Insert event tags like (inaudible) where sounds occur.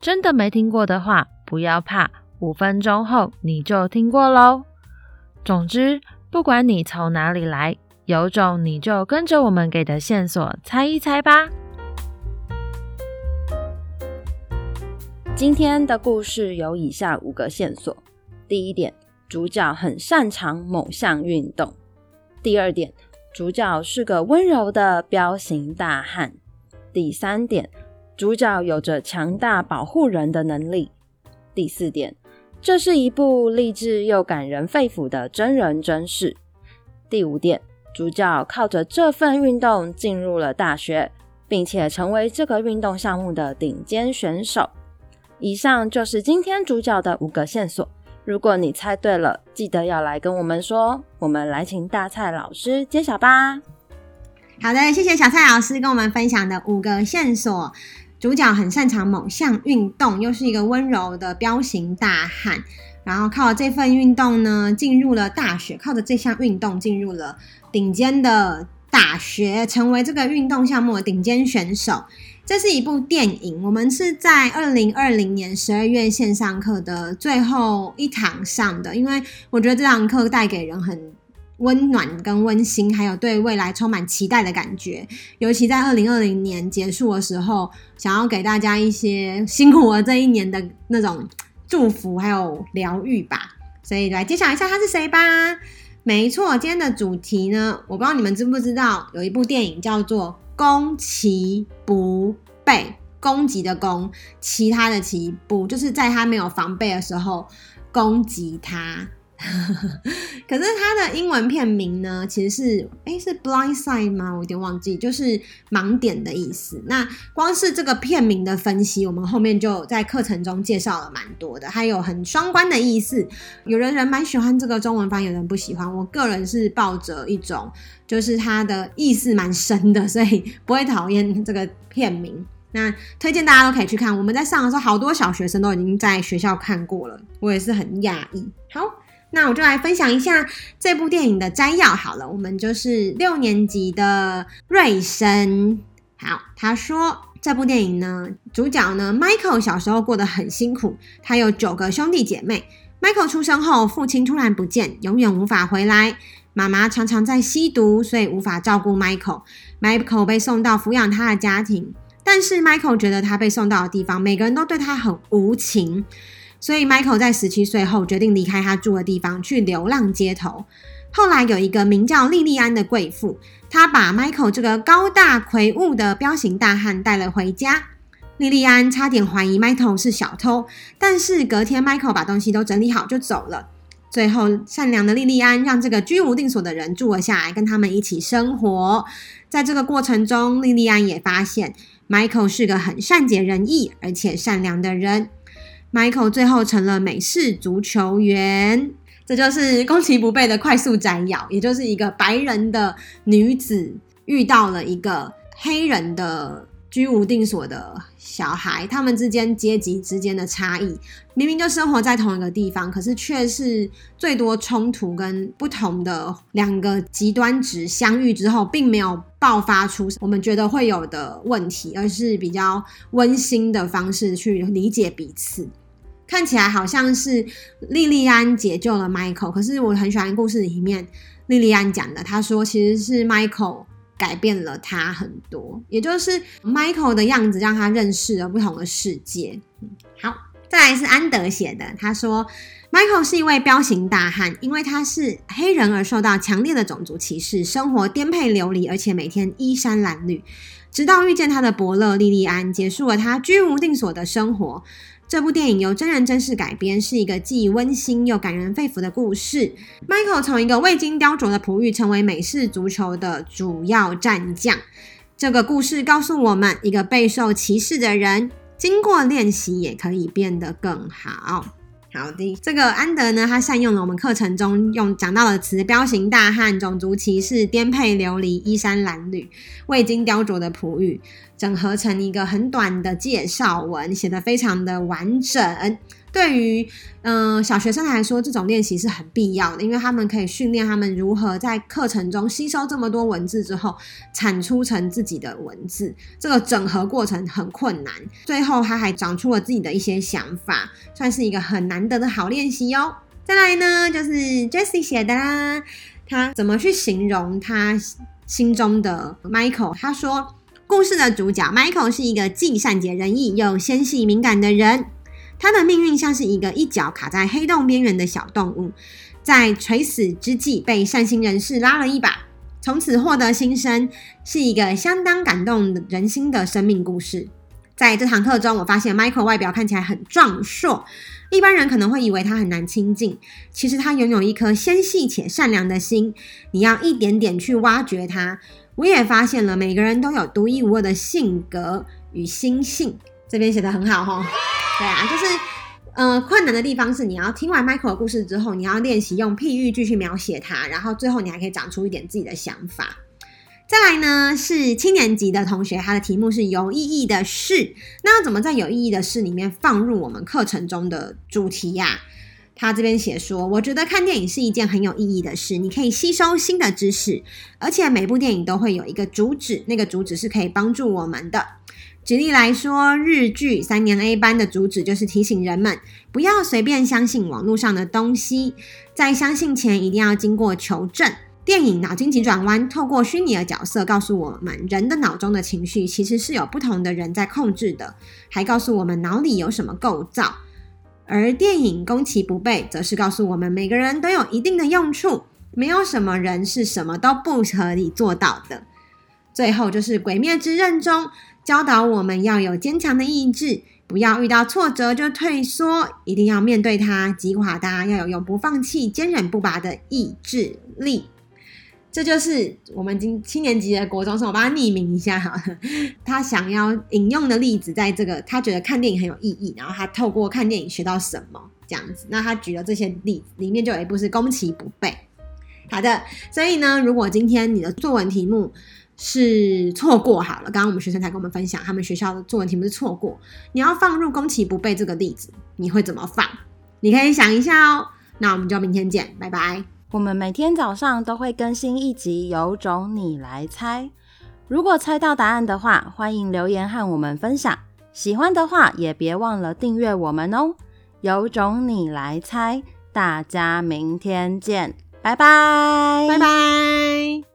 真的沒聽過的話，不要怕，五分鐘後你就聽過嘍。總之，不管你從哪裡來，有種你就跟着我們給的線索猜一猜吧。今天的故事有以下五個線索：第一點，主角很擅長某項運動；第二點，主角是個溫柔的彪形大漢；第三點，主角有着強大保護人的能力。第四點，這是一部勵志又感人肺腑的真人真事。第五點，主角靠着這份運動進入了大學，並且成為這個運動項目的頂尖選手。以上就是今天主角的五個線索。如果你猜對了，記得要來跟我們說。我們來請大蔡老師揭曉吧。好的，謝謝小蔡老師跟我們分享的五個線索。主角很擅長某項運動，又是一個溫柔的彪形大漢，然後靠這份運動呢，進入了大學，靠着這項運動進入了頂尖的大學，成為這個運動項目的頂尖選手。這是一部電影，我們是在二零二零年十二月線上課的最後一堂上的，因為我覺得這堂課帶給人很溫暖跟溫馨，還有對未來充滿期待的感覺，尤其在二零二零年結束的時候，想要給大家一些辛苦了這一年的那種祝福還有療癒吧。所以來揭曉一下他是誰吧。沒錯，今天的主題呢，我不知道你們知不知道，有一部電影叫做《攻其不備》，攻擊的攻，其他的其不，就是在他沒有防備的時候攻擊他。 (laughs) 可是它的英文片名呢，其實是哎、欸、是 Blind Side 嗎？我有點忘記，就是盲點的意思。那光是這個片名的分析，我們後面，就在課程中介紹了蠻多的，還有很雙關的意思。有的人蠻喜歡這個中文翻譯，有人不喜歡。我個人是抱着一種，就是他的意思蠻深的，所以不會討厭這個片名。那推薦大家都可以去看。我們在上的時候，好多小學生都已經在學校看過了，我也是很訝異。好。那我就來分享一下這部電影的摘要好了，我們就是六年級的瑞生。好，他說這部電影呢，主角呢，Michael 小時候過得很辛苦，他有九個兄弟姐妹。Michael 出生後，父親突然不見，永遠無法回來。媽媽常常在吸毒，所以無法照顧 Michael。Michael 被送到撫養他的家庭，但是 Michael 覺得他被送到的地方，每個人都對他很無情。所以，Michael 在十七歲後決定離開他住的地方，去流浪街頭。後來，有一個名叫莉莉安的貴婦，她把 Michael 這個高大魁梧的彪形大漢帶了回家。莉莉安差點懷疑 Michael 是小偷，但是隔天，Michael 把東西都整理好就走了。最後，善良的莉莉安讓這個居無定所的人住了下來，跟他們一起生活。在這個過程中，莉莉安也發現 Michael 是個很善解人意而且善良的人。Michael 最後成了美式足球員，這就是攻其不備的快速斬咬，也就是一個白人的女子遇到了一個黑人的居無定所的小孩，他們之間階級之間的差異，明明就生活在同一個地方，可是卻是最多衝突跟不同的兩個極端值相遇之後，並沒有爆發出我們覺得會有的問題，而是比較溫馨的方式去理解彼此。看起來好像是莉莉安解救了 Michael，可是我很喜歡故事裡面莉莉安講的，她說其實是 Michael 改變了她很多，也就是 Michael 的樣子讓她認識了不同的世界。好，再來是安德寫的，他說。Michael 是一位彪形大漢，因為他是黑人而受到強烈的種族歧視，生活顛沛流離，而且每天衣衫襤褸。直到遇見他的伯樂莉莉安，結束了他居無定所的生活。這部電影由真人真事改編，是一個既溫馨又感人肺腑的故事。Michael 從一個未經雕琢的璞玉，成為美式足球的主要戰將。這個故事告訴我們，一個備受歧視的人，經過練習也可以變得更好。好的，這個安德呢，他善用了我們課程中用講到的詞，彪形大漢、種族歧視、顛沛流離、衣衫襤褸、未經雕琢的璞玉，整合成一個很短的介紹文，寫得非常的完整。對於嗯、呃、小學生來說，這種練習是很必要的，因為他們可以訓練他們如何在課程中吸收這麼多文字之後，產出成自己的文字。這個整合過程很困難，最後他還長出了自己的一些想法，算是一個很難得的好練習喲、哦。再來呢，就是 Jessie 寫的啦，他怎麼去形容他心中的 Michael？他說，故事的主角 Michael 是一個既善解人意又纖細敏感的人。他的命運像是一個一腳卡在黑洞邊緣的小動物，在垂死之際被善心人士拉了一把，從此獲得新生，是一個相當感動人心的生命故事。在這堂課中，我發現 Michael 外表看起來很壯碩，一般人可能會以為他很難親近，其實他擁有一顆纖細且善良的心，你要一點點去挖掘他。我也發現了每個人都有獨一無二的性格與心性，這邊寫得很好哈。對啊，就是，嗯、呃，困難的地方是你要聽完邁克的故事之後，你要練習用譬喻句去描寫它，然後最後你還可以講出一點自己的想法。再來呢是七年級的同學，他的題目是有意義的事，那怎麼在有意義的事裡面放入我們課程中的主題呀、啊？他這邊寫說，我覺得看電影是一件很有意義的事，你可以吸收新的知識，而且每部電影都會有一個主旨，那個主旨是可以幫助我們的。舉例來說，日劇《三年 A 班》的主旨就是提醒人們不要隨便相信網絡上的東西，在相信前一定要經過求證。電影《腦筋急轉彎》透過虛擬的角色告訴我們，人的腦中的情緒其實是有不同的人在控制的，還告訴我們腦裡有什麼構造。而電影《攻其不備》則是告訴我們每個人都有一定的用處，沒有什麼人是什麼都不可以做到的。最後就是《鬼滅之刃》中。教導我們要有堅強的意志，不要遇到挫折就退縮，一定要面對它，擊垮它，要有永不放棄、堅韌不拔的意志力。這就是我們今七年級的國中生，我幫他匿名一下。他想要引用的例子，在這個他覺得看電影很有意義，然後他透過看電影學到什麼這樣子。那他舉了這些例子，裡面就有一部是《攻其不備》。好的，所以呢，如果今天你的作文題目……是錯過好了，剛剛我們學生才跟我們分享，他們學校的作文題目是錯過。你要放入攻其不備這個例子，你會怎麼放？你可以想一下哦。那我們就明天見，拜拜。我們每天早上都會更新一集《有種你來猜》，如果猜到答案的話，歡迎留言和我們分享。喜歡的話也別忘了訂閱我們哦。有種你來猜，大家明天見，拜拜，拜拜。